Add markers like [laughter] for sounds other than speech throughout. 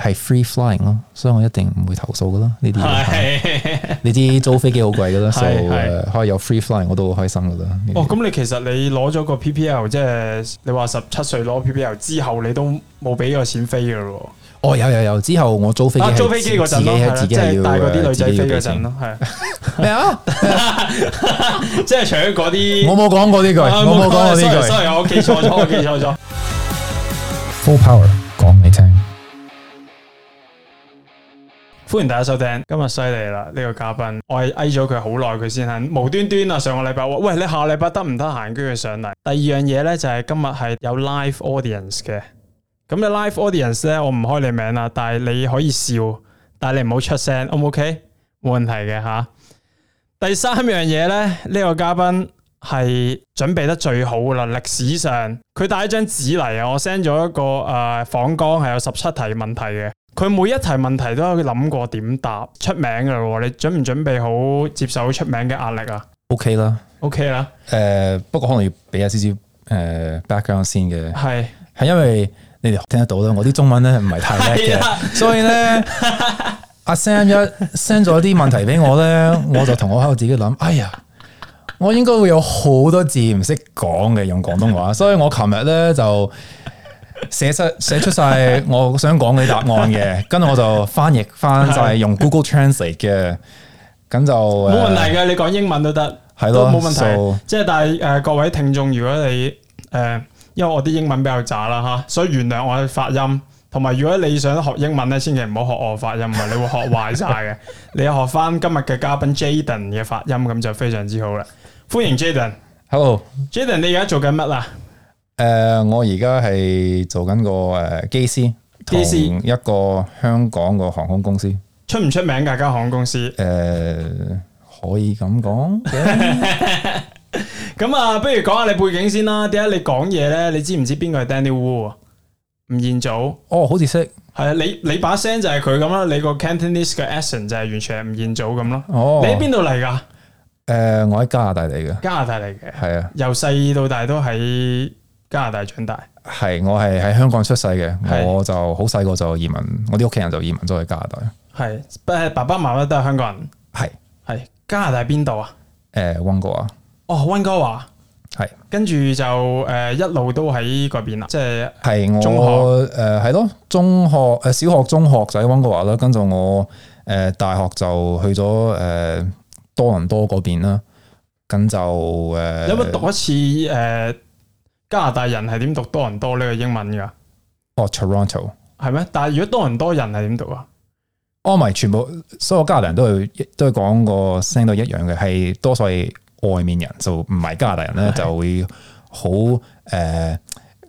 係 free flying 咯，所以我一定唔會投訴噶啦。呢啲你知租飛機好貴噶啦，所以可以有 free flying 我都好開心噶啦。哦，咁你其實你攞咗個 PPL，即係你話十七歲攞 PPL 之後，你都冇俾個錢飛噶咯？哦，有有有，之後我租飛機，租飛機嗰陣咯，即係帶嗰啲女仔飛嗰陣咯，係咩啊？即係除咗嗰啲，我冇講過呢句，我冇講過呢句，sorry，我記錯咗，我記錯咗。Full power，講你聽。歡迎大家收聽，今日犀利啦！呢個嘉賓，我係哀咗佢好耐，佢先肯無端端啊。上個禮拜話，喂，你下個禮拜得唔得閒？跟佢上嚟。第二樣嘢咧，就係今日係有 live audience 嘅。咁你 live audience 咧，我唔開你名啦，但係你可以笑，但係你唔好出聲，O 唔 OK？冇問題嘅吓。第三樣嘢咧，呢個嘉賓係準備得最好啦。歷史上，佢帶一張紙嚟，我 send 咗一個誒訪綱，係有十七題問題嘅。佢每一題問題都有諗過點答出名噶你準唔準備好接受出名嘅壓力啊？OK 啦了，OK 啦了。誒、呃，不過可能要俾啊少少誒 background 先嘅。係係是，因為你哋聽得到啦，我啲中文咧唔係太叻嘅，的所以咧阿 Sam 一 send 咗啲問題俾我咧，我就同我喺度自己諗，哎呀，我應該會有好多字唔識講嘅，用廣東話，所以我琴日咧就。 [laughs] [laughs] 寫出寫出晒我想講嘅答案嘅，跟住 [laughs] 我就翻譯翻,譯翻譯 [laughs] 就係用 Google Translate 嘅，咁就冇問題嘅。你講英文都得，係咯了，冇問題。即係 so, 但係誒，各位聽眾，如果你誒、呃，因為我啲英文比較渣啦吓，所以原諒我嘅發音。同埋，如果你想學英文咧，千祈唔好學我發音啊，你會學壞晒嘅。 [laughs] 你學翻今日嘅嘉賓 Jaden 嘅發音，咁就非常之好啦。歡迎 Jaden，Hello，Jaden，你而家做緊乜啊？誒、呃，我而家係做緊個誒機師，同一個香港個航空公司。機師？出唔出名噶？家航空公司？誒、呃，可以咁講。咁 [laughs] [laughs] [laughs] 啊，不如講下你背景先啦。點解你講嘢咧？你知唔知邊個係 Danny Wu？吳彥祖？哦，好似識。係啊，你你把聲就係佢咁啦。你個 Cantonese 嘅 Accent 就係完全係吳彥祖咁咯。哦。你喺邊度嚟噶？誒、呃，我喺加拿大嚟嘅。加拿大嚟嘅。係啊，由細到大都喺，加拿大長大係，我係喺香港出世嘅，是我就好細個就移民，我啲屋企人就移民咗去加拿大。係，誒，爸爸媽媽都係香港人。係是，係加拿大邊度啊？誒、呃，溫哥華啊？哦，溫哥華。係是，跟住就誒、呃、一路都喺嗰邊啦。是即係係我誒係、呃、咯，中學誒、呃、小學中學就喺溫哥華啦。跟住我誒、呃、大學就去咗誒、呃、多倫多嗰邊啦。咁就誒有冇讀一次誒？呃加拿大人係點讀多倫多呢個英文㗎？哦，Toronto 係咩？但係如果多倫多人係點讀啊？哦，唔全部所有加拿大人都係都係講個聲都一樣嘅，係多數係外面人就唔係加拿大人咧，是就會好誒，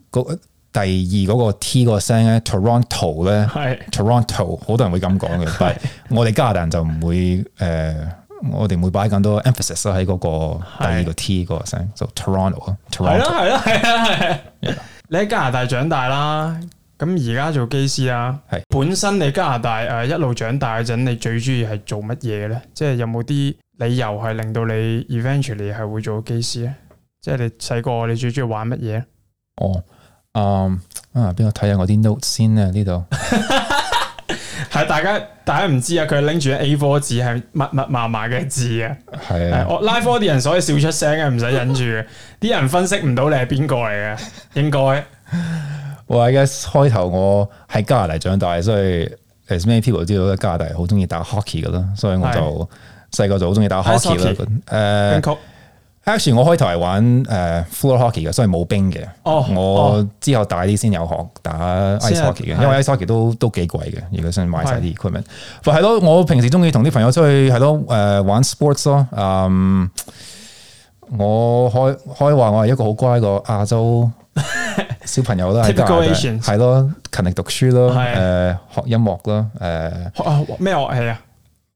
個、呃、第二嗰個 T 個聲咧，Toronto 咧，係 Toronto，好多人會咁講嘅，是但我哋加拿大人就唔會誒。呃我哋唔會擺咁多 emphasis 喺嗰個第二個 T 嗰個聲，就的、so, Toronto 啊。係咯，係咯，係啊係。Yeah. 你喺加拿大長大啦，咁而家做機師啊。係的本身你加拿大誒一路長大嗰陣，你最中意係做乜嘢咧？即係有冇啲理由係令到你 eventually 係會做機師咧？即係你細個你最中意玩乜嘢哦，嗯、oh, um, 啊，邊個睇下我啲 notes 先啊呢度。 [laughs] 係大家，大家唔知啊！佢拎住 A4 字，係密密麻麻嘅字啊！係我拉科啲人，所、 [laughs] oh, 以笑出聲嘅，唔使忍住啲 [laughs] 人分析唔到你係邊個嚟嘅，應該。 [laughs] 我 I guess 開頭我喺加拿大長大，所以 as many people 知道喺加拿大好中意打 hockey 嘅啦，所以我就細個的就好中意打 hockey 啦。誒 H、呃。Actually，我開頭係玩誒 floor、呃、hockey 嘅，所以冇冰嘅。Oh, 我之後大啲先有學打 ice hockey 嘅是，因為 ice hockey 對 都都幾貴嘅，如果想買晒啲 equipment。係咯是的，我平時中意同啲朋友出去，係咯誒玩 sports 咯。嗯，可以我可以話我係一個好乖個亞洲小朋友啦，係咁嘅。係咯，勤力讀書咯，誒是的、呃、學音樂咯，誒、呃、學咩樂器啊？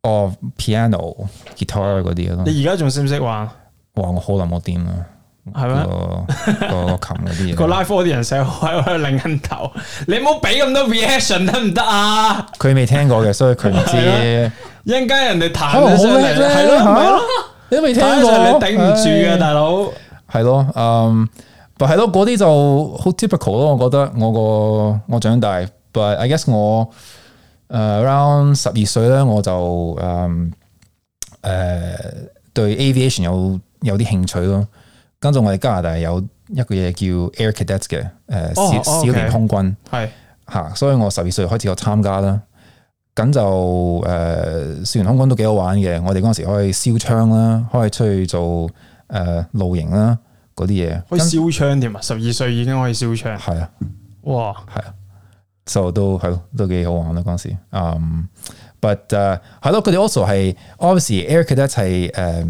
哦，piano、guitar 嗰啲咯你。你而家仲識唔識玩？哇！我好耐冇掂啊，係咯個琴嗰啲嘢，個 live 啲人成日喺度擰緊頭，你唔好俾咁多 reaction 得唔得啊？佢未聽過嘅，所以佢唔知一陣間人哋彈咗上嚟咧，係咯，你都未聽過，你頂唔住啊，大佬，係咯，嗯，但係咯嗰啲就好 typical 咯，我覺得我個我長大，but I guess 我誒 around 十二歲咧，我就嗯誒對 aviation 有。有啲興趣咯，跟住我哋加拿大有一個嘢叫 Air Cadets 嘅，誒少少年空軍係嚇是，所以我十二歲開始有參加啦。咁就誒少年空軍都幾好玩嘅，我哋嗰陣時可以燒槍啦，可以出去做誒、呃、露營啦嗰啲嘢，可以燒槍添啊！十二歲已經可以燒槍，係啊，哇，係啊，就都係都幾好玩咯嗰陣時。嗯，But 係咯，佢哋，also 係，obviously Air Cadets 係誒、um。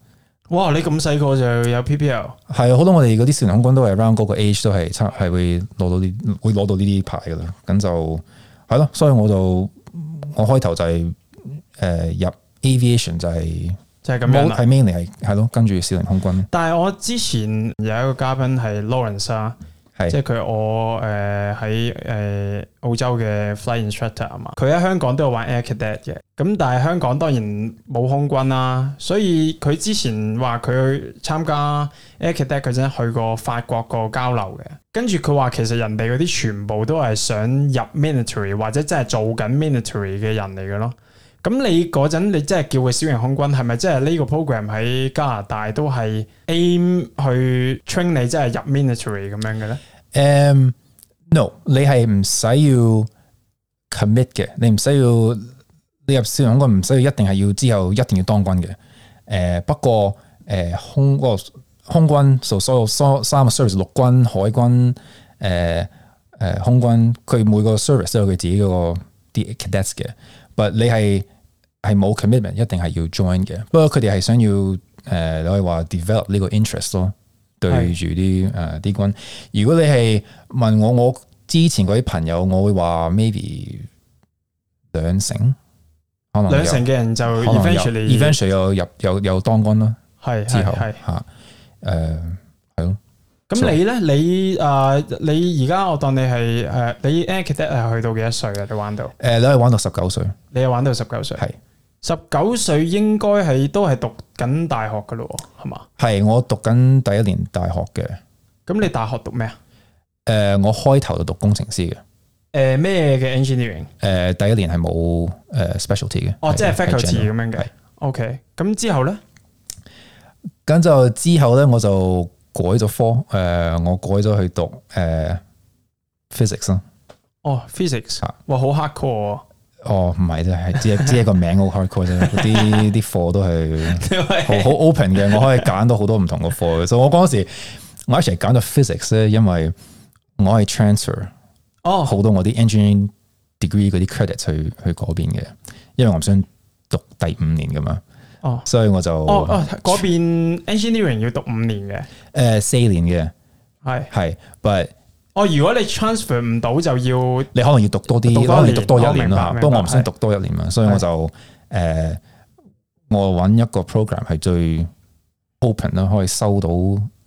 哇！你咁細個就有 PPL，係好多我哋嗰啲少年空軍都係 round 嗰個 age 都係差，係會攞到啲，會攞到呢啲牌噶啦。咁就係咯，所以我就我開頭就係、是、誒、呃、入 aviation 就係、是、就係咁樣、啊，係 meaning 係係咯，跟住少年空軍。但係我之前有一個嘉賓係 Lawrence 啊。是即係佢我誒喺誒澳洲嘅 flight instructor 啊嘛，佢喺香港都有玩 Air Cadet 嘅，咁但係香港當然冇空軍啦、啊，所以佢之前話佢去參加 Air Cadet 佢先去過法國個交流嘅，跟住佢話其實人哋嗰啲全部都係想入 military 或者真係做緊 military 嘅人嚟嘅咯。咁你嗰陣你真係叫佢小型空軍係咪即係呢個 program 喺加拿大都係 aim 去 train 你真係、就是、入 ministry 咁樣嘅咧？誒、um,，no，你係唔使要 commit 嘅，你唔使要你入小型空軍唔需要一定係要之後一定要當軍嘅。誒，不過誒空嗰個空軍做所,所有三三個 service 陸軍、海軍誒誒、呃、空軍，佢每個 service 都有佢自己嗰、那個啲 cadets 嘅。但你係係冇 commitment，一定係要 join 嘅。不過佢哋係想要誒，你可以話 develop 呢個 interest 咯。對住啲誒啲軍，如果你係問我，我之前嗰啲朋友，我會話 maybe 兩成，可能兩成嘅人就 eventually eventually 有入有有當官啦。係之後係嚇誒。咁你咧？你誒，你而家我當你係誒，你 e 係去到幾多歲啊？你玩到誒，你係玩到十九歲。你係玩到十九歲。係十九歲應該係都係讀緊大學噶咯，係嘛？係，我讀緊第一年大學嘅。咁你大學讀咩啊？誒，我開頭就讀工程師嘅。誒，咩嘅 engineering？誒，第一年係冇誒 specialty 嘅。哦，即係 faculty 咁樣嘅。OK，咁之後咧，咁就之後咧，我就。改咗科，誒、呃，我改咗去讀誒、呃、physics 咯、啊。哦，physics，哇，好 hard core、啊、哦，唔係啫，係只只一個名好 hard core 啫，啲啲 [laughs] 課都係好 [laughs] open 嘅，我可以揀到好多唔同嘅課嘅。所以我嗰時我一時揀咗 physics 咧，因為我係 transfer，哦，好多我啲 engineering degree 嗰啲 credit 去去嗰邊嘅，因為我唔想讀第五年噶嘛。哦，所以我就哦哦嗰邊 engineering 要讀五年嘅，誒、呃、四年嘅，係係，but 哦，如果你 transfer 唔到就要，你可能要讀多啲，你可能要讀多一年咯吓，不過我唔想讀多一年啊，所以我就誒是、呃、我搵一個 program 係最 open 啦，可以收到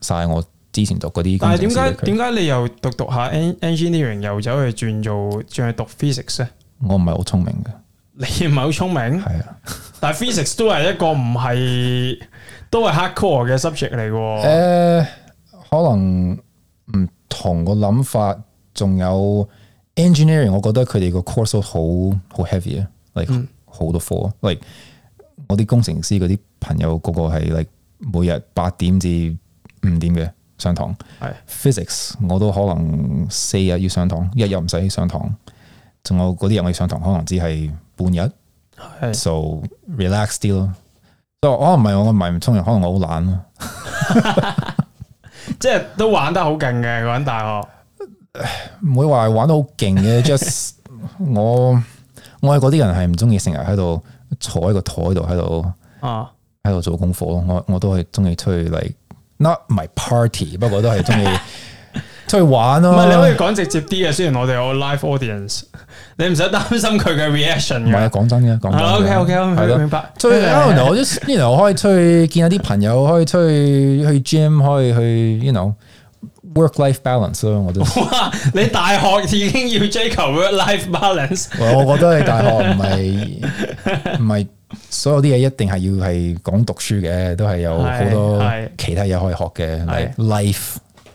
晒我之前讀嗰啲。但係點解點解你又讀讀下 engineering 又走去轉做轉去讀 physics 咧？我唔係好聰明嘅。你唔係好聰明，係啊， [laughs] 但係 physics 都係一個唔係都係 hard core 嘅 subject 嚟嘅。誒、呃，可能唔同個諗法，仲有 engineering，我覺得佢哋個 course 好，好 heavy 啊，like 好、嗯、多課。喂、like,，我啲工程師嗰啲朋友、那個個係，例如每日八點至五點嘅上堂。係、嗯、physics，我都可能四日要上堂，一日唔使上堂。仲有嗰啲人，我上堂可能只係半日，so relax 啲咯。我我唔係我唔係唔中意，可能我好懶咯。 [laughs] [laughs] 即係都玩得好勁嘅，玩大學唔 [laughs] 會話玩得好勁嘅。 [laughs] just 我我係嗰啲人係唔中意成日喺度坐喺個台度喺度啊，喺度做功課。我我都係中意出去嚟、like, Not my party，不過都係中意。出去玩咯、啊！唔係你可以講直接啲啊，雖然我哋有 live audience，你唔使擔心佢嘅 reaction。唔係啊，講真嘅，講真嘅。O K O K，明白。I don't know，我就 [laughs] you know, 可以出去見下啲朋友，可以出去去 gym，可以去，you know，work life balance 咯、就是。我都哇，你大學已經要追求 work life balance。我 [laughs] 我覺得你大學唔係唔係所有啲嘢一定係要係講讀書嘅，都係有好多其他嘢可以學嘅，係 life 的。的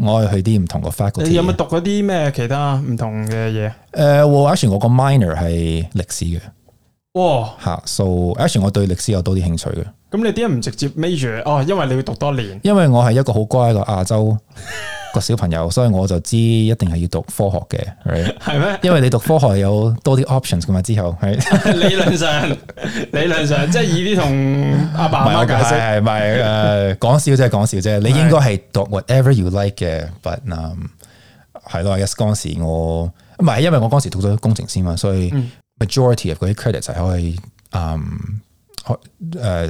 我係去啲唔同個 faculty，你有冇讀過啲咩其他唔同嘅嘢？呃、我以前個 minor 係歷史嘅。哇，吓 so actually 我對歷史有多啲興趣嘅。咁你點解唔直接 major？哦，因為你要讀多年。因為我係一個好乖嘅亞洲個小朋友， [laughs] 所以我就知一定係要讀科學嘅，係、right? 咩嗎？因為你讀科學有多啲 options 噶嘛，之後係、right? [laughs] 理論上，理論上即係以啲同阿爸阿媽解釋，係咪？ [laughs] 誒，講笑啫，講笑啫。 [laughs] 你應該係讀 whatever you like 嘅，but 係、um, 咯。yes，嗰時我唔係，因為我嗰時讀咗工程先嘛，所以。嗯 Majority of 嗰啲 credit 係可以，誒，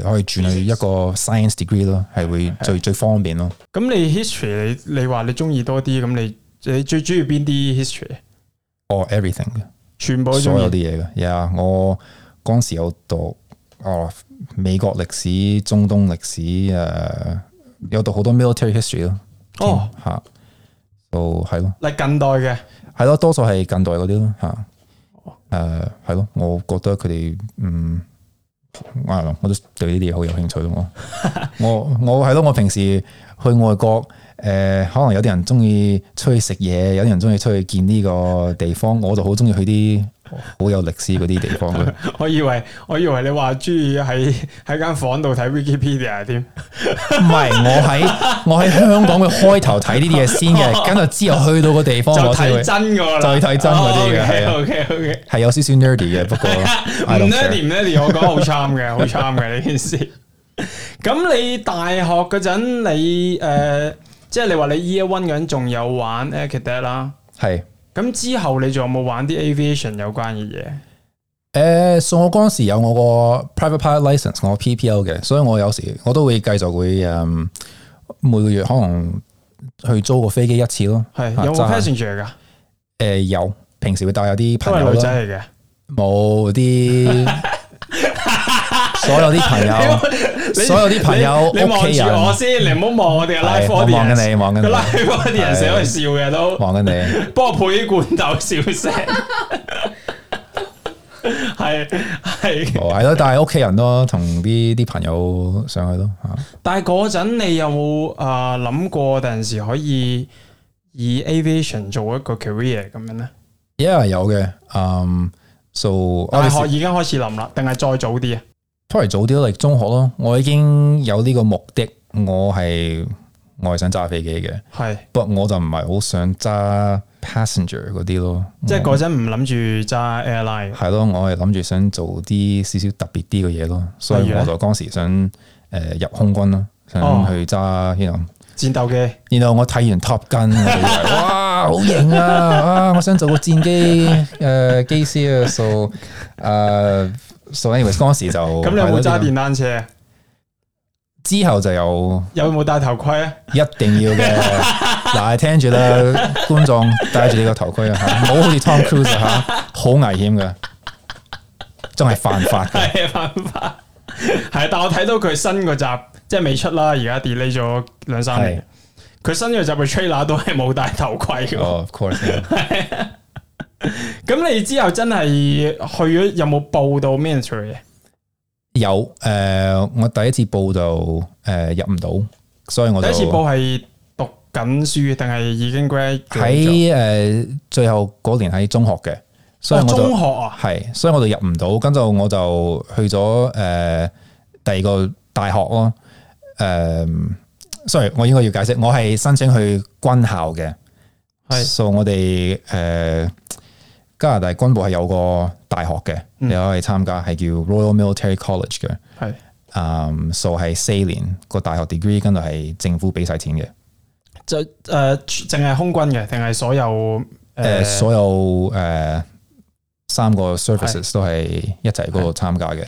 可以轉去一個 science degree 咯 Yes.，係會最最方便咯。咁你 history 你你話你中意多啲，咁你你最中意邊啲 history？哦，everything，全部所有啲嘢噶，呀、yeah,，我嗰時有讀，哦，美國歷史、中東歷史，誒、呃，有讀好多 military history 咯。哦、oh.，吓、so,，哦，係咯。你近代嘅係咯，多數係近代嗰啲咯，吓。誒，係咯、uh,，我覺得佢哋嗯，啊，我都對呢啲嘢好有興趣咯。 [laughs] 我我係咯，我平時去外國，誒、呃，可能有啲人鍾意出去食嘢，有啲人鍾意出去見呢個地方，我就好鍾意去啲，好有歷史嗰啲地方 [laughs] 我以為我以為你話鍾意喺喺間房度睇 Wikipedia 添，唔 [laughs] 係我喺我喺香港嘅開頭睇呢啲嘢先嘅，跟住之後去到個地方 [laughs] 就睇真噶啦，就睇真嗰啲嘅係啊，係、哦 okay, okay, okay、有少少 nerdy 嘅，不過唔 nerdy 唔 nerdy，我講好慘嘅，好慘嘅呢件事。咁 [laughs] [laughs] 你大學嗰陣你誒，即、呃、係、就是、你話你 year one 嗰陣仲有玩 academic 啦，係。咁之後你仲有冇玩啲 aviation 有關嘅嘢？誒、呃，所以我嗰時有我個 private pilot license，我 PPL 嘅，所以我有時我都會繼續會誒、呃，每個月可能去租個飛機一次咯。係有 passenger 噶？誒、呃，有，平時會帶有啲朋友咯。都係女仔嚟嘅，冇啲 [laughs] 所有啲朋友。 [laughs] 所有啲朋友，你望住我先，你唔好望我哋嘅 live，望緊你，望緊啲人成日笑嘅都，望緊你，幫我配啲罐頭笑聲，係係係咯，但係屋企人都同啲啲朋友上去咯吓。但係嗰陣你有冇誒諗過第時可以以 aviation 做一個 career 咁樣咧？因為有嘅，嗯，so 大學已經開始諗啦，定係再早啲啊？出嚟早啲咯，嚟中學咯，我已經有呢個目的，我係我係想揸飛機嘅，係是，不過我就唔係好想揸 passenger 嗰啲咯，即係嗰陣唔諗住揸 airline，係咯，我係諗住想做啲少少特別啲嘅嘢咯，所以我就當時想誒、呃、入空軍咯，想去揸呢個戰鬥機，然後我睇完 Top Gun， [laughs] 哇，好型啊，啊，我想做個戰機誒機師啊，做誒。所以嗰時就咁，你有冇揸電單車？之後就有有冇戴頭盔啊？一定要嘅，嗱 [laughs] [laughs] 吧，聽住啦，觀眾戴住你個頭盔啊，唔好好似 Tom Cruise 吓，好危險噶，真係犯法, [laughs] 犯法，係犯法，係。但我睇到佢新嘅集，即係未出啦，而家 delay 咗兩三年，佢對新嘅集嘅 trailer 都係冇戴頭盔嘅。Of course 咁 [laughs] 你之後真係去咗有冇報到 m e n 嘅？有誒、呃，我第一次報就誒、呃、入唔到，所以我第一次報係讀緊書定係已經 grad 喺誒、呃、最後嗰年喺中學嘅，所以我、哦、中學啊，係，所以我就入唔到，跟住我就去咗誒、呃、第二個大學咯。誒、呃、，sorry，我應該要解釋，我係申請去軍校嘅，係是，所以、so，我哋誒。呃加拿大軍部係有個大學嘅，嗯、你可以參加，係叫 Royal Military College 嘅。係是，誒、嗯，數係四年個大學 degree，跟住係政府俾晒錢嘅。就誒，淨、呃、係空軍嘅，定係所有誒、呃呃？所有誒、呃、三個 services 是都係一齊喺嗰度參加嘅。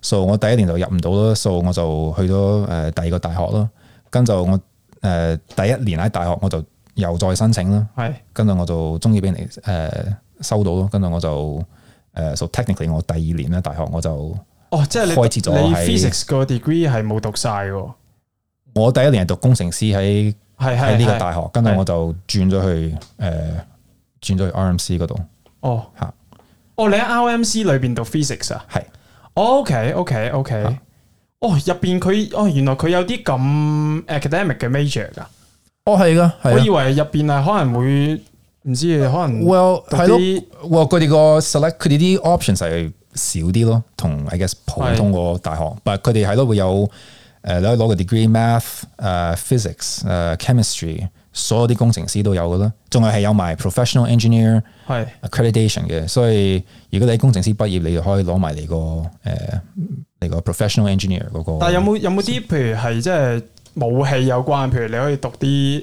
數是我第一年就入唔到咯，數我就去咗誒、呃、第二個大學咯。跟住我誒、呃、第一年喺大學我就又再申請啦。係是，跟住我就中意俾你誒。呃呃收到咯，跟住我就誒、uh,，so technically 我第二年咧大學我就哦，即係你開始咗 physics 個 degree 係冇讀晒喎。在 [noise] 我第一年係讀工程師喺喺呢個大學，跟住我就轉咗去誒，轉咗是是、呃、去 RMC 嗰度。哦，嚇是！哦，你喺 RMC 裏邊讀 physics 啊？係是。Okay, okay, okay。哦，入邊佢哦，原來佢有啲咁 academic 嘅 major 噶。哦，係噶，我以為入邊係可能會。唔知可能係咯，佢哋個 select 佢哋啲 options 係少啲咯，同 I guess 普通個大學，不過佢哋係咯會有誒，你可以攞個 degree math 誒、uh, physics uh, chemistry 所有啲工程師都有噶啦，仲係係有埋 professional engineer 係的 accreditation 嘅，所以如果你喺工程師畢業，你就可以攞埋你個誒你個 professional engineer，嗰個。但係有冇，有冇啲譬如係即係武器有關，譬如你可以讀啲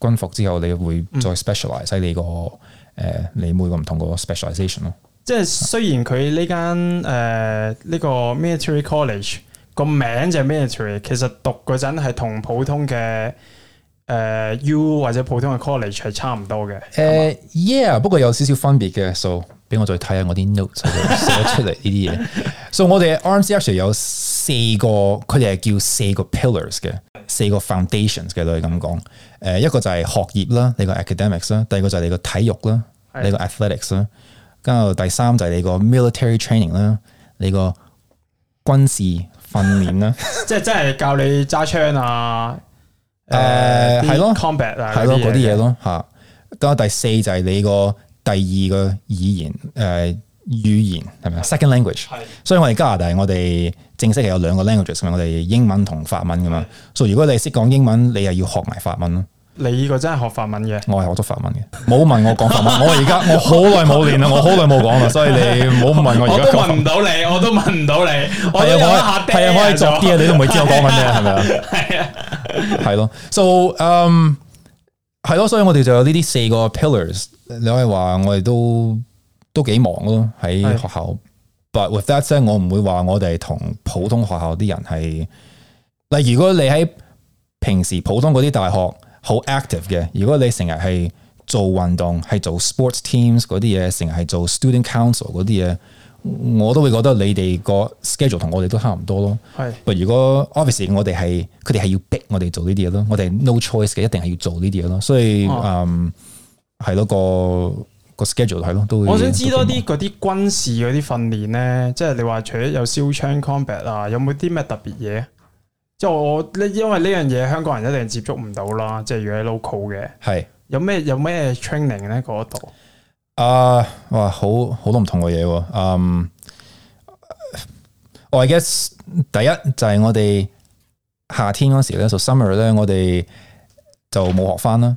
軍服之後，你會再 specialize 喺你個誒，你每個唔同個 specialization 咯。即係雖然佢呢間誒，呢個 military college 個名就係 military，其實讀嗰陣係同普通嘅誒 U 或者普通嘅 college 係差唔多嘅。誒，yeah，不過有少少分別嘅，so 俾我再睇下我啲 notes 寫出嚟呢啲嘢。so 我哋 army actually 有。四個佢哋係叫四個 pillars 嘅，四個 foundations 嘅，都係咁講。誒，一個就係學業啦，你 training，個 academics 啦，第二個就係你個體育啦，你個 athletics 啦。跟住，第三就係你個 military training 啦，你個軍事訓練啦，即係真係教你揸槍啊，誒，係咯，combat 啊，係咯，嗰啲嘢咯吓。跟住，第四就係你個第二個語言，誒。語言係咪 Second language 係，所以我哋加拿大，我哋正式係有兩個 languages 㗎嘛，我哋英文同法文㗎嘛。所以如果你識講英文，你又要學埋法文咯。你依個真係學法文嘅，我係學咗法文嘅。冇問我講法文，我而家我好耐冇練啦，我好耐冇講啦，所以你好問我。而我問唔到你，我都問唔到你。我呢一下啊，我可以做啲啊，你都唔會知我講緊咩係咪啊？係啊，係咯。So，嗯，係咯，所以我哋就有呢啲四個 pillars。你可以話我哋都。都幾忙咯，喺學校。是 But with that 即我唔會話我哋同普通學校啲人係。嗱，如果你喺平時普通嗰啲大學好 active 嘅，如果你成日係做運動，係做 sports teams 嗰啲嘢，成日係做 student council 嗰啲嘢，我都會覺得你哋個 schedule 同我哋都差唔多咯。係是。不過如果 office 我哋係，佢哋係要逼我哋做呢啲嘢咯，我哋 no choice 嘅，一定係要做呢啲嘢咯。所以，哦、嗯，係嗰個。個 schedule 睇咯，都會我想知多啲嗰啲軍事嗰啲訓練咧，即係你話除咗有燒槍 combat 啊，有冇啲咩特別嘢？即係我咧，因為呢樣嘢香港人一定接觸唔到啦。即係如果 local 嘅，係的有咩有咩 training 咧？嗰度啊，哇，好好多唔同嘅嘢啊。嗯，I guess 第一就係，是、我哋夏天嗰時咧，做 summer 咧，我哋就冇學翻啦。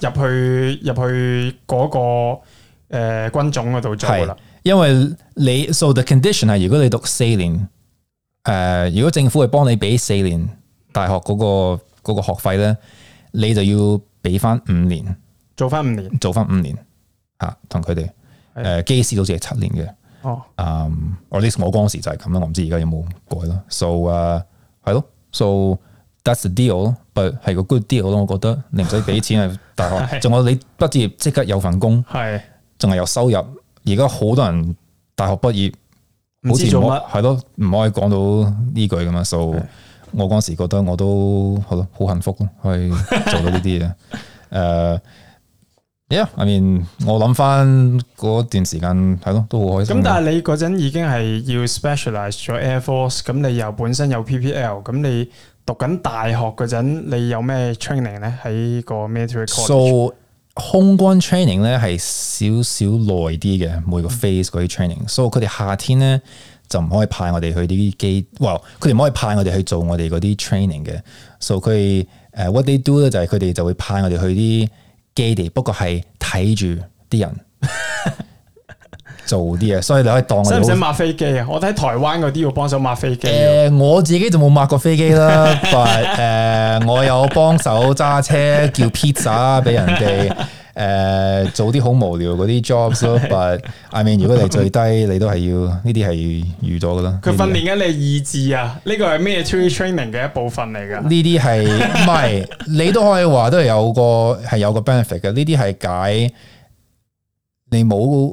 入去入去嗰、那個誒、呃、軍種嗰度做啦，因為你 so the condition 係如果你讀四年誒、呃，如果政府係幫你俾四年大學嗰、那個嗰、那個學費咧，你就要俾翻五年做翻五年，做翻五年吓同佢哋誒機師好似係七年嘅哦，嗯、um,，我 list 我當時就係咁啦，我唔知而家有冇改咯，so 係、uh, 咯，so。That deal 咯，不係個 good deal 咯，我覺得你唔使俾錢喺大學，仲有你畢業即刻有份工，係仲係有收入。而家好多人大學畢業冇事做乜，係、okay，咯，唔可以講到呢句咁樣。所以，我嗰時覺得我都係咯，好幸福咯，去做到呢啲嘢。誒，呀，I mean, 我諗翻嗰段時間係咯，都好開心。咁但係你嗰陣已經係要 specialize 咗 Air Force，咁你又本身有 PPL，咁你。讀緊大學嗰陣，你有咩 training 咧？喺個 matrix so 空軍 training 咧係少少耐啲嘅，每個 phase 嗰啲 training。所以佢哋夏天咧就唔可以派我哋去啲機，哇！佢哋唔可以派我哋去做我哋嗰啲 training 嘅。所以佢誒，what they do 咧就係佢哋就會派我哋去啲基地，不過係睇住啲人。 [laughs] 做啲嘢，所以你可以當係。使唔使抹飛機啊？我睇台灣嗰啲要幫手抹飛機啊。誒、呃，我自己就冇抹過飛機啦。 [laughs] 但係誒、呃，我有幫手揸車，叫 pizza 俾人哋。誒、呃，做啲好無聊嗰啲 jobs。 [laughs] 但係，I mean，如果你最低，你都係要呢啲係預咗噶啦。佢訓練緊你意志啊！呢個係咩？Two training 嘅一部分嚟噶。呢啲係唔係？你都可以話都係有個係有個 benefit 嘅。呢啲係解你冇。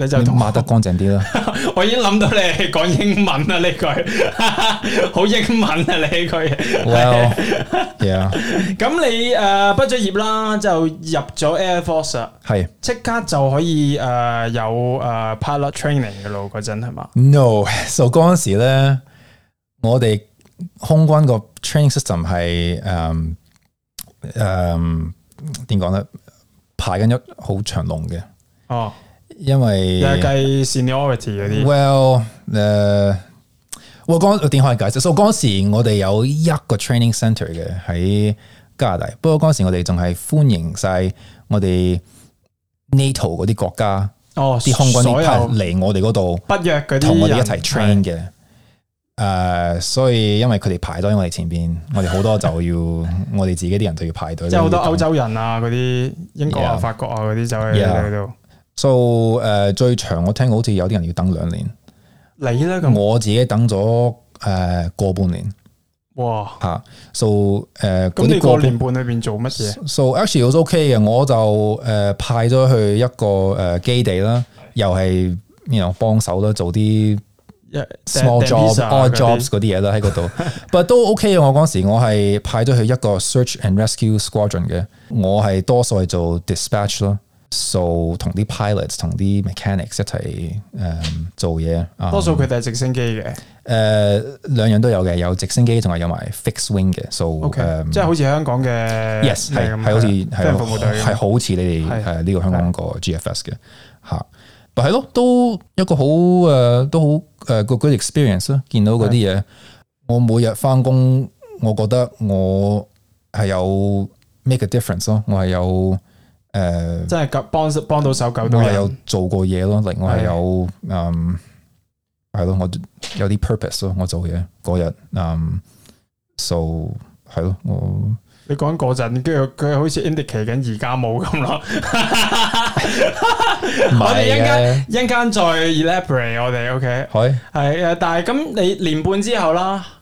你就抹得乾淨啲啦。 [laughs] 我已經諗到你係講英文啦呢句， [laughs] 好英文啊呢句。係 [laughs] 啊 Well, yeah. [laughs] 咁你誒，畢咗業啦，就入咗 Air Force 啊。係是。即刻就可以誒，uh, 有誒、uh, pilot training 嘅路嗰陣係嘛？No，所以嗰陣時咧，我哋空軍個 training system 係誒誒點講咧，排緊一好長龍嘅。哦。Oh. 因為計 seniority 嗰啲，Well，誒，我剛我點可以解釋？所以嗰時我哋有一個 training centre 嘅喺加拿大，不過嗰時我哋仲係歡迎晒我哋 NATO 嗰啲國家，哦、oh，啲空軍嚟我哋嗰度，北約嗰同我哋一齊 train 嘅。誒，uh, 所以因為佢哋排隊喺我哋前邊 [laughs] 我哋好多就要我哋自己啲人都要排隊，即係好多歐洲人啊，嗰啲英國啊、yeah, 法國啊嗰啲就喺度。Yeah. So，誒、uh, 最長我聽好似有啲人要等兩年，你咧呢咁？我自己等咗誒、uh, 個半年，哇吓！所以誒咁你過年半裏邊做乜嘢？s o、so, actually 我都 OK 嘅，我就誒、uh, 派咗去一個誒、uh, 基地啦，又係呢樣幫手啦，做啲 small job [music] odd jobs 嗰啲嘢啦喺嗰度，不過 [laughs] 都 OK 嘅。我嗰時我係派咗去一個 Search and Rescue Squadron 嘅，我係多數係做 dispatch 咯。so 同啲 pilots、同啲 mechanics 一齊誒做嘢啊，多數佢哋係直升機嘅，誒兩樣都有嘅，有直升機同埋有埋 fixed wing 嘅 so，誒即係好似香港嘅 yes 係好似係係係好似你哋誒呢個香港個 GFS 嘅吓，咪係咯，都一個好誒都好誒個 good experience 咯，見到嗰啲嘢，我每日翻工，我覺得我係有 make a difference 咯，我係有。誒，真係幫幫到手，救到我係有做過嘢咯的、嗯，我係有 purpose，我嗯，係、so，咯，我有啲 purpose 咯， [laughs] [laughs] 的 [laughs] 我做嘢嗰日嗯，so 係咯，我你講嗰陣，跟住佢好似 indicate 緊而家冇咁咯，我哋一間一間再 elaborate，我哋 OK，係係誒，但係咁你年半之後啦。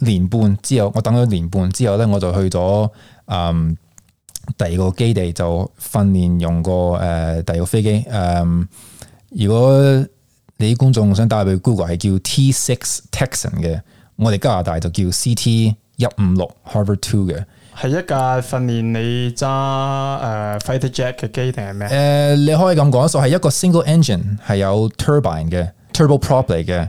年半之後，我等咗年半之後咧，我就去咗嗯第二個基地，就訓練用個誒、呃、第二個飛機。嗯、呃，如果你觀眾想打俾 Google，係叫 T Six Texan 嘅，我哋加拿大就叫 CT 一五六 Harvard Two 嘅，係一架訓練你揸誒 Fighter Jet 嘅機定係咩？誒、呃 er 呃，你可以咁講，就係一個 single engine 係有 turbine 嘅 turboprop 嚟嘅。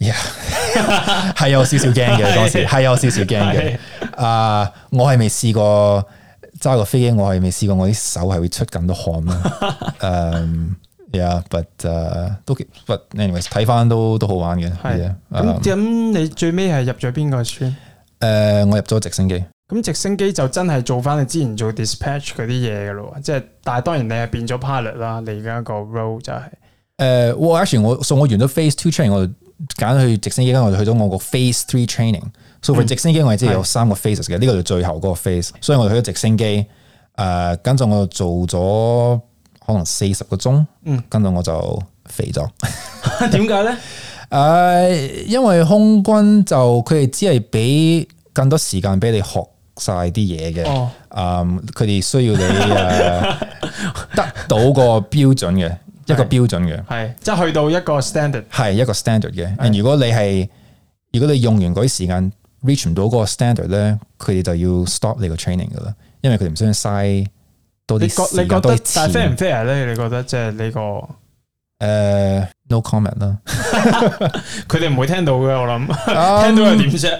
係，有少少驚嘅當時，係有少少驚嘅。啊是、 [laughs] 嗯，我係未試過揸個飛機，我係未試過我啲手係會出咁多汗啦。嗯、 [laughs] um,，yeah，but，、uh, but anyway, 都，but，anyways，睇翻都都好玩嘅。係啊，咁咁你最尾係入咗邊個村？誒，uh, 我入咗直升機。咁直升機就真係做翻你之前做 dispatch 嗰啲嘢嘅咯，即係，但係當然你係變咗 pilot 啦。你而家個 role 就係誒，actually 我送我完咗 phase two train，我。揀去直升機，跟我就去咗我個 phase three training。所以直升機我係即係有三個 phase 嘅，嗯，呢個就最後嗰個 phase。所以我哋去咗直升機，誒、呃，跟住我做咗可能四十個鐘，嗯，跟住我就肥咗。點解咧？誒、呃，因為空軍就佢哋只係俾更多時間俾你學晒啲嘢嘅，啊、哦，佢哋、呃、需要你誒 [laughs] 得到個標準嘅。一個標準嘅，係即係去到一個 standard，係一個 standard 嘅。的如果你係如果你用完嗰啲時間 reach 唔到嗰個 standard 咧，佢哋就要 stop 你個 training 噶啦，因為佢哋唔想嘥到啲你覺得？但係 fair 唔 fair 咧？你覺得即係呢個誒？No comment 啦，佢哋唔會聽到嘅。我諗聽到又點啫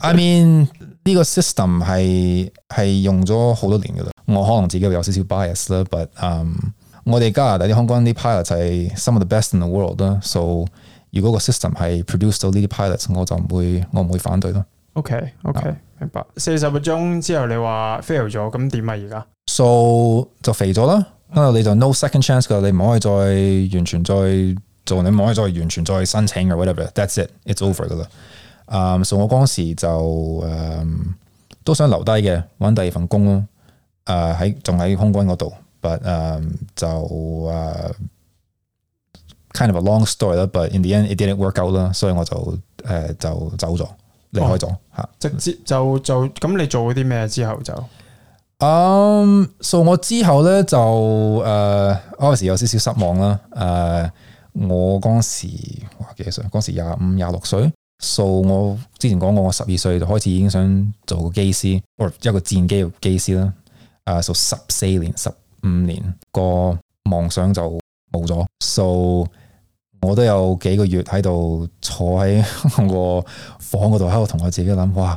？um,I mean 呢個 system 係係用咗好多年噶啦。我可能自己會有少少 bias 啦，But 嗯。我哋加拿大啲空軍啲 pilot 係 some of the best in the world 啦，so 如果個 system 係 produce 到呢啲 pilots，我就唔會我唔會反對咯。OK，OK，明白。四十個鐘之後你話 fail 咗，咁點啊？而家 so 就肥咗啦，跟住你就 no second chance 噶，你唔可以再完全再做，你唔可以再完全再申請嘅 whatever。That's it，it's over 噶啦。嗯，so 我嗰時就嗯都想留低嘅，搵第二份工，誒喺仲喺空軍嗰度。But 但誒就誒，kind of a long story 啦。but in the end，it didn't work out 啦。所以我就誒就走咗，離開咗嚇。哦啊、直接就就咁你做咗啲咩之後就？嗯，數我之後咧就誒嗰陣時有少少失望啦。誒、uh,，我嗰時話幾多歲？嗰時廿五廿六歲。數、so、我之前講過，我十二歲就開始已經想做個機師，或者一個戰機嘅機師啦。誒、uh, so，數十四年十。五年，那個夢想就冇咗，所、so, 以我都有幾個月喺度坐喺我房嗰度，喺度同我自己諗，哇，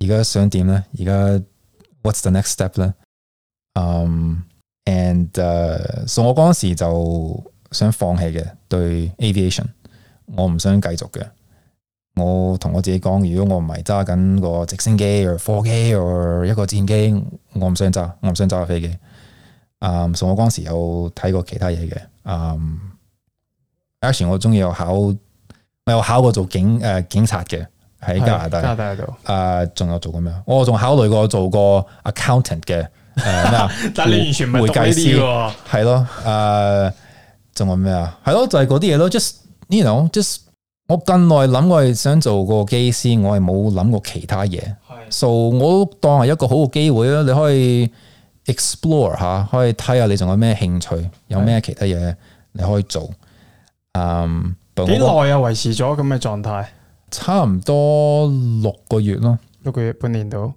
而家想點咧？而家 What's the next step 咧？嗯、um,，and 所、uh, 以、so、我嗰陣時就想放棄嘅對 aviation，我唔想繼續嘅。我同我自己講，如果我唔係揸緊個直升機、或貨機、or 一個戰機，我唔想揸，我唔想揸飛機。啊，我嗰時有睇過其他嘢嘅，啊，actually 我中意有考，我有考過做警誒、呃、警察嘅，喺加拿大，加拿大度，啊、呃，仲有做過咩？我仲考慮過做個 accountant 嘅，呃、 [laughs] 但你完全唔係讀呢啲喎，係咯，啊、呃，仲有咩啊？係咯，就係嗰啲嘢咯，just you know，just 我近耐諗我係想做個機師，我係冇諗過其他嘢，所以的、so, 我都當係一個好嘅機會咯，你可以。Explore 下，可以睇下你仲有咩興趣，有咩其他嘢你可以做。嗯，幾耐啊？維持咗咁嘅狀態，差唔多六個月咯，六個月半年到，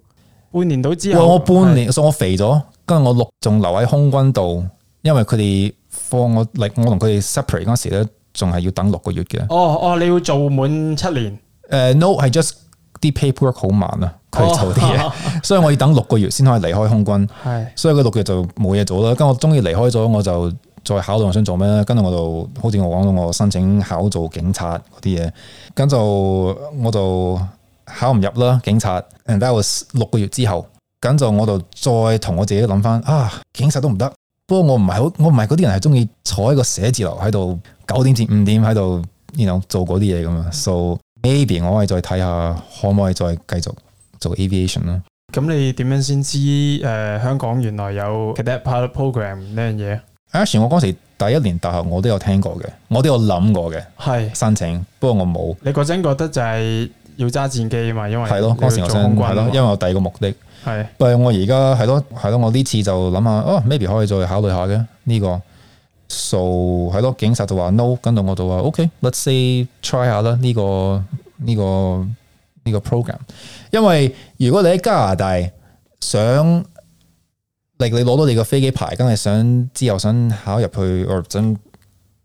半年到之後、哦。我半年，是所以我肥咗。跟住我六，仲留喺空軍度，因為佢哋放我嚟，我同佢哋 separate 嗰時咧，仲係要等六個月嘅。哦哦，你要做滿七年？誒、uh，no，係 just 啲 paperwork 好慢啊。去做啲嘢，哦、所以我要等六個月先可以離開空軍。係是，所以佢六個月就冇嘢做啦。咁我終於離開咗，我就再考慮想做咩。跟住我就，好似我講到，我申請考做警察嗰啲嘢。咁就我就考唔入啦。警察，and that was 六個月之後，咁就我就再同我自己諗翻啊，警察都唔得。不過我唔係好，我唔係嗰啲人係中意坐喺個寫字樓喺度九點至五點喺度然後做嗰啲嘢噶嘛。So maybe 我可以再睇下可唔可以再繼續。做 aviation 啦，咁你點樣先知？誒、呃，香港原來有 cadet pilot program 呢樣嘢。Ash，c t 我嗰時第一年大學我都有聽過嘅，我都有諗過嘅，係是申請，不過我冇。你嗰陣覺得就係要揸戰機啊嘛？因為係咯的，當時我係咯，因為我第二個目的係。的但係我而家係咯係咯，我呢次就諗下，哦，maybe 可，可以再考慮下嘅呢、這個。So 係咯，警察就話 no，跟住我就話，ok，let's、okay, s a y t r y 下啦。呢個呢個。呢個 program，因為如果你喺加拿大想嚟，例你攞到你個飛機牌，梗係想之後想考入去，或想誒、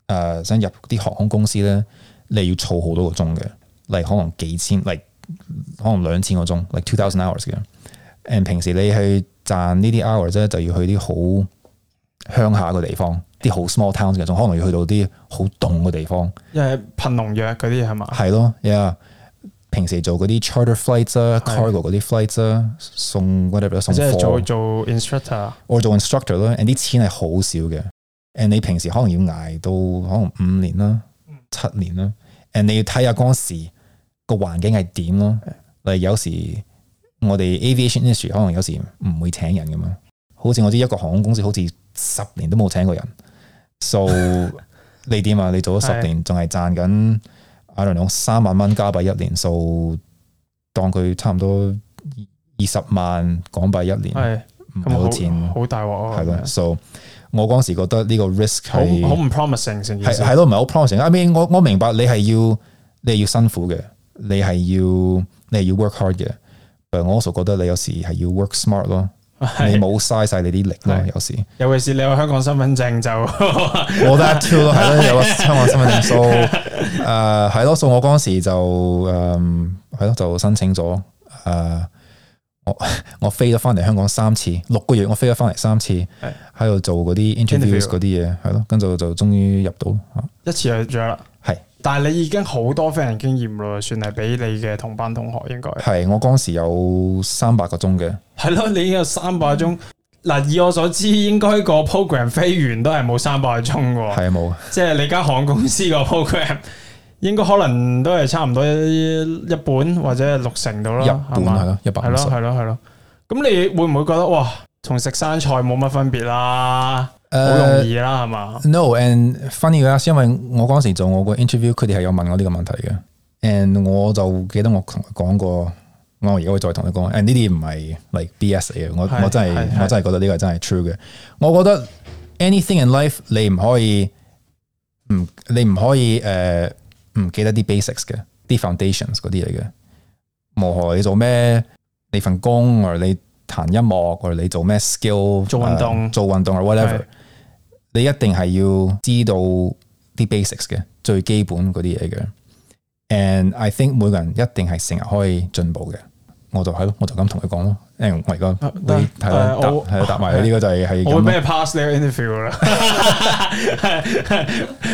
呃、想入啲航空公司咧，你要儲好多個鐘嘅，例如可能幾千，例如可能兩千個鐘 like two thousand hours 嘅。誒，平時你去賺呢啲 hours 咧，就要去啲好鄉下嘅地方，啲好 small town 嘅，仲可能要去到啲好凍嘅地方，因為噴農藥嗰啲係嘛？係咯，yeah。平時做嗰啲 charter flights 啊，cargo 嗰啲 flights 啊，送嗰啲，或者送貨。即係做做 instructor，或做 instructor 咯。and 啲錢係好少嘅。and 你平時可能要捱到可能五年啦，七年啦。and 你要睇下嗰時個環境係點咯。例如的有時我哋 aviation industry 可能有時唔會請人㗎嘛。好似我知一個航空公司好似十年都冇請過人。so [laughs] 你點啊？你做咗十年仲係的賺緊？三萬蚊加幣一年數，當佢差唔多二十萬港幣一年，係唔好錢，好的大鑊。係咯的，so 我當時覺得呢個 risk 係好唔 promising，係係咯，唔係好 promising。I mean，我我明白你係要你係要辛苦嘅，你係要你係要 work hard 嘅，但係我仲覺得你有時係要 work smart 咯。你冇嘥晒你啲力咯，的有時尤其是你有香港身份證就， [laughs] 我得一 two 咯，係咯，有個香港身份證，送誒係咯，送我嗰時就誒係咯，就申請咗誒、呃、我我飛咗翻嚟香港三次，六個月我飛咗翻嚟三次，喺度的做嗰啲 interview 嗰啲嘢，係咯，跟住就終於入到，一次就中啦。但係你已經好多飛行經驗咯，算係比你嘅同班同學，應該係我嗰時有三百個鐘嘅，係咯，你已經有三百個鐘。嗱，以我所知，應該個 program 飛完都係冇三百個鐘嘅，係啊冇。即係你間航空公司個 program,me, 應該可能都係差唔多一半或者六成到啦，係嘛本，係咯吧，一百係咯，係咯，係咯。咁你會唔會覺得哇？同食生菜冇乜分別啦，好、uh, 容易啦係嘛？No and funny 啊，因為我嗰時做我個 interview，佢哋係有問我呢個問題嘅，and 我就記得我同佢講過，我而家會再同你講，and 呢啲唔係嚟 BS 嚟嘅，我是我，我真係我真係覺得呢個係真係 true 嘅。我覺得 anything in life，你唔可以，嗯，你唔可以誒，唔、uh, 記得啲 basics 嘅，啲 foundations 嗰啲嚟嘅，無論你做咩，你份工而你。彈音樂，或者你做咩 skill，做運動，呃、做運動，或 whatever，的你一定係要知道啲 basics 嘅最基本嗰啲嘢嘅。And I think 每個人一定係成日可以進步嘅。我就係咯，我就咁同佢講咯。誒，我而家會答，係答埋。呢個就係係我咩 pass interview 啦。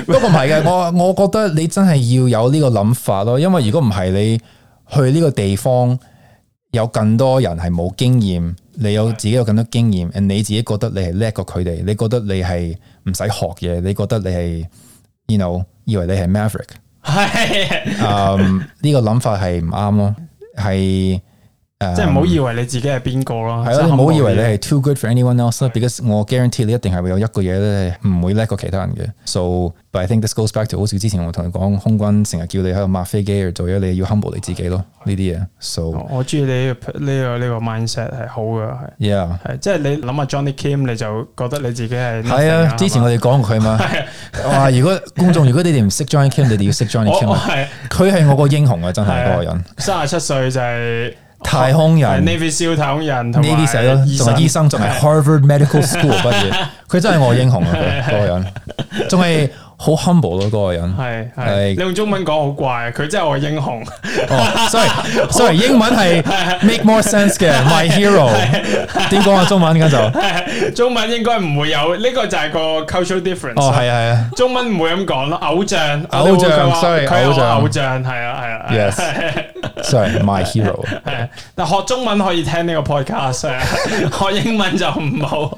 不過唔係嘅，我我覺得你真係要有呢個諗法咯。因為如果唔係，你去呢個地方。有更多人係冇經驗，你有自己有更多經驗，你 [laughs] 自己覺得你係叻過佢哋，你覺得你係唔使學嘢，你覺得你係，you know，以為你係 maverick，係，嗯、 [laughs] um，呢個諗法係唔啱咯，係。即係唔好以為你自己係邊個咯，係咯，唔好以為你係 too good for anyone else，because 我 guarantee 你一定係會有一個嘢咧唔會叻過其他人嘅。so but I think this goes back to 好似之前我同你講，空軍成日叫你喺度抹飛機，做嘢你要 humble 你自己咯，呢啲嘢。so 我中意你呢個呢個 mindset 係好嘅，係，係即係你諗下 Johnny Kim，你就覺得你自己係係啊，之前我哋講佢嘛，哇！如果觀眾，如果你哋唔識 Johnny Kim，你哋要識 Johnny Kim，佢係我個英雄啊，真係嗰個人，三十七歲就係。太空人，呢啲小太空人，同埋，醫生，仲係 Harvard Medical School 畢業， [laughs] 佢真係我的英雄啊！嗰個人，仲係。好 humble 咯，嗰個人係係。你用中文講好怪，佢真係我英雄。sorry，sorry，英文係 make more sense 嘅 my hero。點講啊？中文點解就？中文應該唔會有呢個就係個 cultural difference。哦係啊係啊。中文唔會咁講咯，偶像偶像 sorry 偶像偶像係啊係啊。Yes，sorry，my hero。係，但學中文可以聽呢個 podcast，學英文就唔好。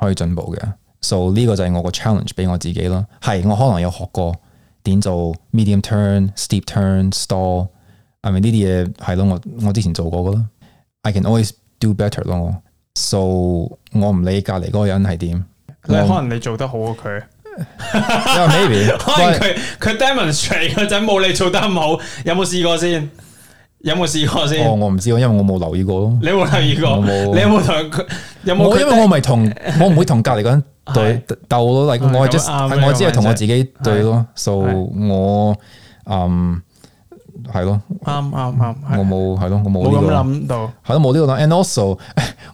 可以進步嘅，So 呢個就係我個 challenge 俾我自己咯。係我可能有學過點做 medium turn、steep turn、stall，係咪呢啲嘢係咯？我我之前做過噶啦。I can always do better 咯。我，So 我唔理隔籬嗰個人係點，你可能你做得好過佢，可能佢佢 demonstrate 嗰陣冇你做得咁好，有冇試過先？有冇試過先？哦，我唔知啊，因為我冇留意過咯。你冇留意過？你有冇同佢？有冇？因為我咪同，我唔會同隔籬嗰人對鬥咯。我係我只係同我自己對咯，數我嗯，係咯。啱啱啱，我冇係咯，我冇冇咁諗到，係咯冇呢個諗。And also，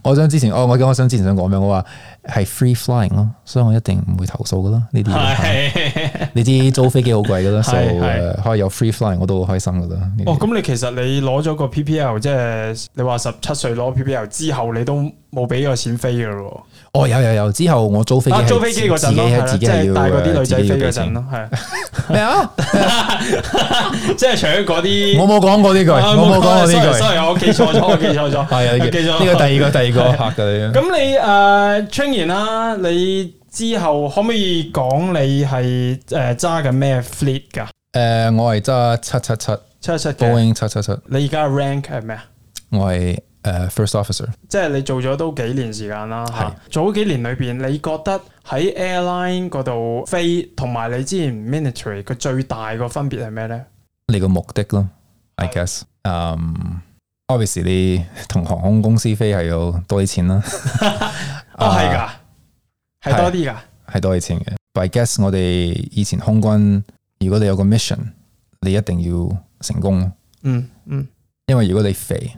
我想之前，我我我想之前想講咩？我話係 free flying 咯，所以我一定唔會投訴噶啦。呢啲嘢。你知租飛機好貴嘅啦，所以可以有 free fly 我都好開心嘅啦。 [noise] 哦，咁你其實你攞咗個 PPL，即係你話十七歲攞 PPL 之後，你都冇俾個錢飛嘅咯。哦，有有有，之後我租飛機係自己，係自己要帶嗰啲女仔飛嗰陣咯，係咩啊？即係除咗嗰啲，我冇講過呢句。我冇講過呢句。所以我記錯咗，記錯咗係啊記錯，呢個第二個第二個吓，你咁你誒，春言啦，你之後可唔可以講你係誒揸緊咩 fleet 噶？誒我係揸七七七七七 Boeing 七七七。你而家 rank 係咩啊？我係。誒、uh,，first officer，即係你做咗都幾年時間啦。係早是幾年裏邊，你覺得喺 airline 嗰度飛，同埋你之前 military 佢最大個分別係咩呢？你個目的咯、嗯、，I guess、um,。嗯，Obviously 你同航空公司飛係要多啲錢啦，都係噶，係的、uh, 多啲噶，係多啲錢嘅。But I guess 我哋以前空軍，如果你有個 mission，你一定要成功。嗯嗯，嗯，因為如果你肥。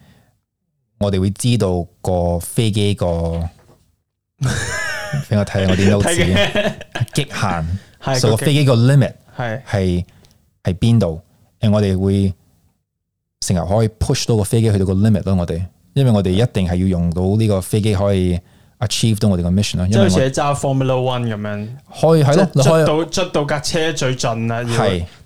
我哋會知道個飛機、那個俾 [laughs] 我睇下我啲 notes 極限，的所以個飛機個 limit 係係係邊度？誒的，我哋會成日可以 push 到個飛機去到個 limit 咯。我哋，因為我哋一定係要用到呢個飛機可以 achieve 到我哋個 mission 咯。即係似揸 Formula One 咁樣，開係咯，到開到架車最盡啦。係。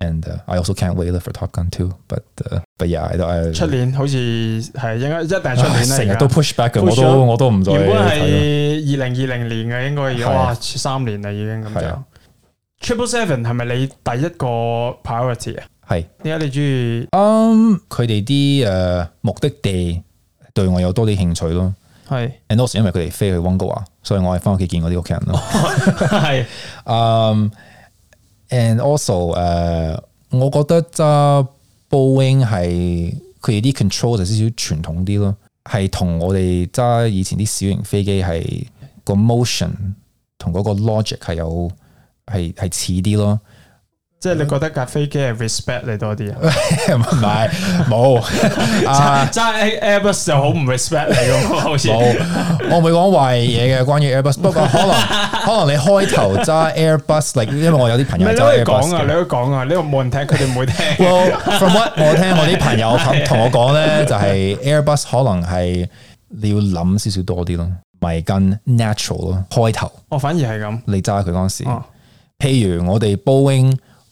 and I also can't wait for Top Gun too. But but yeah，出年好似係應該一定係出年啦。成日都 push back，我都我都唔做。如果係二零二零年嘅，應該而家哇三年啦已經咁就。Triple Seven 係咪你第一個 priority 啊？係點解你中意？嗯，佢哋啲誒目的地對我有多啲興趣咯。係，and also 因為佢哋飛去溫哥華，所以我係翻屋企見我啲屋企人咯。係，And also 誒、uh，我覺得揸 Boeing 係佢哋啲 control 就少少傳統啲咯，係同我哋揸以前啲小型飛機係個 motion 同嗰個 logic 係有係係似啲咯。即係你覺得架飛機係 respect 你多啲啊？唔係，冇揸 Airbus 就好唔 respect 你咯。好似冇，我唔會講壞嘢嘅關於 Airbus，不過可能可能你開頭揸 Airbus，因為因為我有啲朋友。你可以講啊，你可以講啊，呢個冇人聽，佢哋唔會聽。Well，from what 我聽我啲朋友同我講咧，就係 Airbus 可能係你要諗少少多啲咯，咪跟 natural 咯開頭。哦，反而係咁，你揸佢嗰陣時，譬如我哋 Boeing。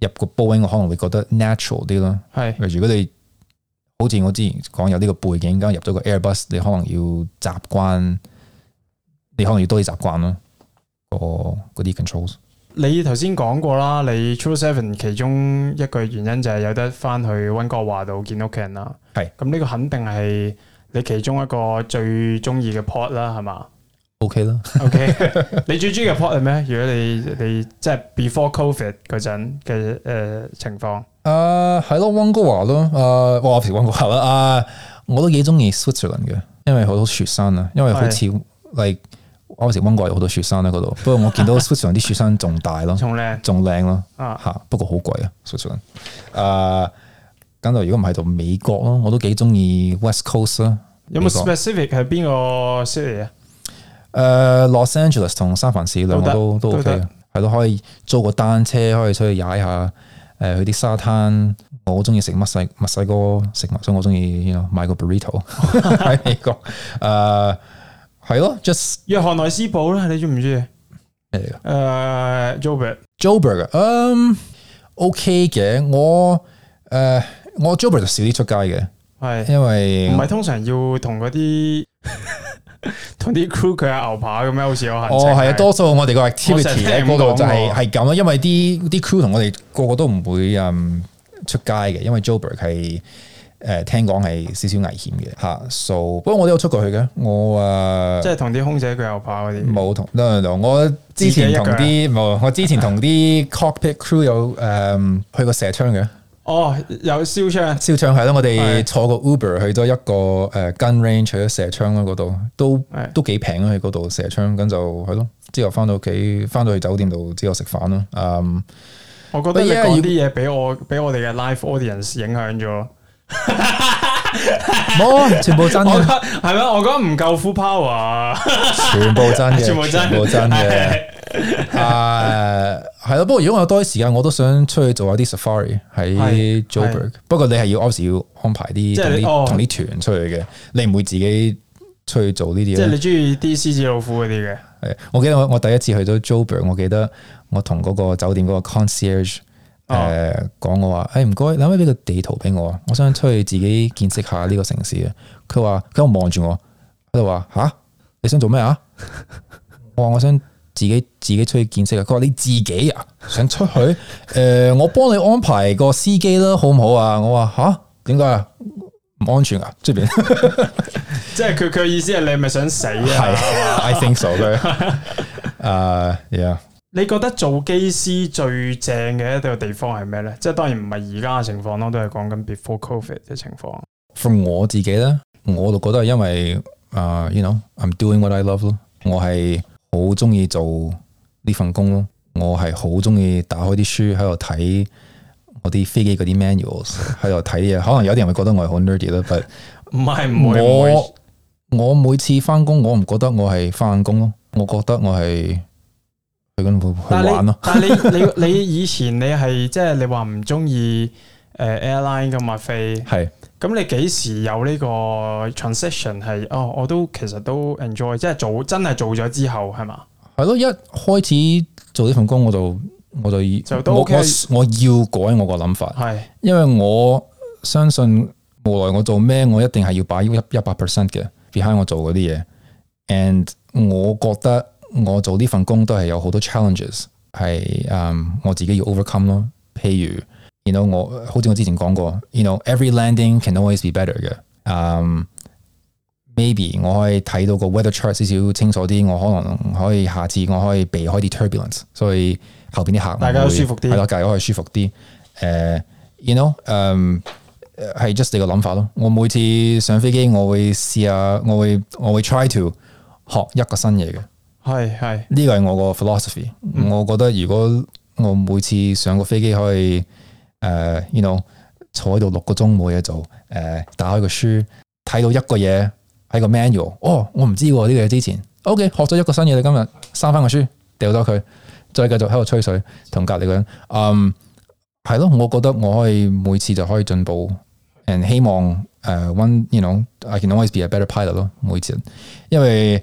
入個 Boeing 我可能會覺得 natural 啲咯，係是。如果你好似我之前講有呢個背景，而入咗個 Airbus，你可能要習慣，你可能要多啲習慣咯，個嗰啲 controls。你頭先講過啦，你 Triple Seven 其中一個原因就係有得翻去溫哥華度見屋企人啦。係是，咁呢個肯定係你其中一個最中意嘅 port 啦，係嘛？O K 啦，O K，你最中意嘅 port 係咩？如果你你即係、就是、before COVID 嗰陣嘅誒情況，誒係、uh, 咯，溫、呃哦、哥華咯，誒我平時溫哥華啦，啊，我都幾中意 Switzerland 嘅，因為好是多雪山啊，因為好似 like 我平時溫哥有好多雪山咧嗰度，不過我見到 Switzerland 啲雪山仲大 [laughs] 咯，仲靚、啊，仲靚咯，吓，不過好貴啊，Switzerland，誒，咁就、呃、如果唔喺到美國咯，我都幾中意 West Coast 啦，有冇 specific 係邊個 city 啊？誒、uh,，Los Angeles 同三藩市兩個都行都 OK，係咯，可以租個單車，可以出去踩下。誒，去啲沙灘，我好中意食墨西哥墨西哥食物，所以我中意 you know 買個 burrito 喺美國、 [laughs] [laughs] uh,。誒，係咯，just 約翰內斯堡咧，你中唔中意？誒的，誒，Joburg，Joburg，嗯，OK 嘅，我誒，uh, 我 Joburg 就少啲出街嘅，係的，因為唔係通常要同嗰啲。 [laughs] 同啲 crew 佢有牛扒咁樣，好似我係哦係啊，多數我哋個 activity 嗰度就係係咁咯，因為啲啲 crew 同我哋個個都唔會誒、嗯、出街嘅，因為 Joberg 係誒、呃、聽講係少少危險嘅吓，所以不過我都有出過去嘅，我啊，呃、即係同啲空姐佢牛扒嗰啲冇同，唔同、no, no, no, no, 我之前同啲冇，我之前同啲 cockpit crew 有誒、嗯、去過射槍嘅。哦，有燒槍，燒槍係咯，我哋坐個 Uber 去咗一個誒、呃、gun range，去咗射槍咯，嗰度都的都幾平咯，喺嗰度射槍，咁就係咯。之後翻到屋企，翻到去酒店度，之後食飯咯。嗯，我覺得你講啲嘢俾我，俾而我哋嘅 live audience 影響咗。 [laughs] 冇， [laughs] 啊， [laughs] [laughs] 全部真嘅，係咯，我覺得唔夠 full power，全部真嘅，全部真，嘅，係，係咯。不過如果我有多啲時間，我都想出去做下啲 safari 喺 Joburg 不過你係要按時要安排啲同啲、哦、同啲團出去嘅，你唔會自己出去做呢啲嘢。即係你中意啲獅子老虎嗰啲嘅。係， [laughs] 我記得我我第一次去咗 Joburg 我記得我同嗰個酒店個 concierge。誒，講我、嗯呃、話，誒、哎，唔該，你可唔可以俾個地圖俾我，我想出去自己見識下呢個城市啊。佢話，佢度望住我，佢度話，吓、啊，你想做咩啊？我話，我想自己自己出去見識啊。佢話，你自己啊，想出去？誒、呃，我幫你安排個司機啦，好唔好啊？我話，吓，點解啊？唔安全啊？ [laughs] 即係，即係佢佢意思係你係咪想死啊？係 [laughs] ，I think so、right. 誒、 [laughs] uh, yeah. .你覺得做機師最正嘅一個地方係咩呢？即係當然唔係而家嘅情況咯，都係講緊 before COVID 嘅情況。From 我自己呢，我就覺得係因為啊，uh，you know，I'm doing what I love 咯。我係好中意做呢份工咯。我係好中意打開啲書喺度睇我啲飛機嗰啲 manuals 喺度睇嘢。 [laughs] 可能有啲人會覺得我係好 nerdy 啦，但係唔係唔係。會我我每次翻工，我唔覺得我係翻緊工咯，我覺得我係。去玩咯、啊你。但係你你你以前你係即係你話唔中意誒，airline 咁啊飛係。咁是你幾時有呢個 transition 係？哦，我都其實都 enjoy，即係做真係做咗之後係嘛？係咯，一開始做呢份工我就我就就都以我我我要改我個諗法係，是因為我相信未來我做咩，我一定係要擺一一百 percent 嘅 behind 我做嗰啲嘢，and 我覺得。我做呢份工都係有好多 challenges，係誒我自己要 overcome 咯。譬如，you know，我好似我之前講過，you know every landing can always be better 嘅。誒，maybe 我可以睇到個 weather chart 少少清楚啲，我可能可以下次我可以避開啲 turbulence，所以後邊啲客大家都舒服啲係咯，架可以舒服啲。y o 誒，you know，誒係 just 你個諗法咯。我每次上飛機，我會試下，我會我會 try to 學一個新嘢嘅。係係呢個係我個 philosophy，、嗯、我覺得如果我每次上個飛機可以誒、uh,，you know 坐喺度六個鐘冇嘢做，誒、uh, 打開個書睇到一個嘢喺個 manual，哦我唔知喎呢個嘢之前，OK 學咗一個新嘢你今日，收翻個書掉咗佢，再繼續喺度吹水同隔籬個人，嗯係咯，我覺得我可以每次就可以進步 and 希望誒、uh, one you know I can always be a better pilot 咯，每次因為。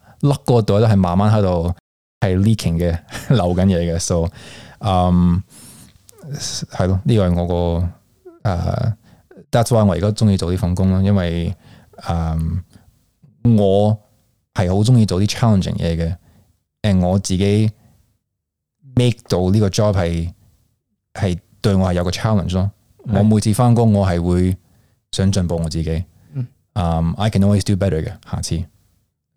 個袋都係慢慢喺度係 leaking 嘅，漏緊嘢嘅，so 嗯，係咯，呢個係我個誒，that's why 我而家中意做呢份工咯，因為，嗯、um,，我係好中意做啲 challenging 嘢嘅，誒，我自己 make 到呢個 job 係係對我係有個 challenge 咯，的我每次返工我係會想進步我自己，嗯、um,，I can always do better 嘅，下次。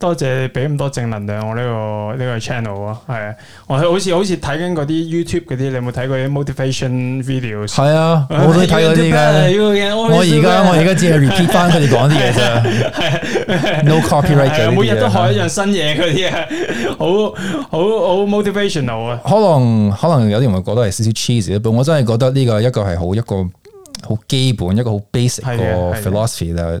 多謝你俾咁多正能量我呢個呢個 channel 啊，係啊，我好似好似睇緊嗰啲 YouTube 嗰啲，你有冇睇過啲 motivation videos？係啊，我都睇過啲噶。我而家我而家只係 repeat 翻佢哋講啲嘢啫。係，no copyright。每日都學一樣新嘢嗰啲，好好好 motivational 啊。可能可能有啲人會覺得係少少 cheesy，不過我真係覺得呢個一個係好一個好基本一個好 basic 個 philosophy 啊。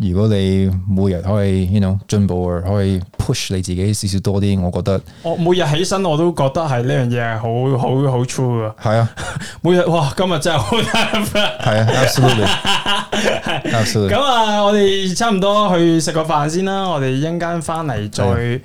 如果你每日可以，you know，進步，或可以 push 你自己少少多啲，我覺得我每日起身我都覺得係呢樣嘢係好好好 true 嘅。係啊， [laughs] 每日哇，今日真係好。係 [laughs] 啊，咁 [laughs] [laughs] 啊，我哋差唔多去食個飯先啦，我哋一陣間翻嚟再。對再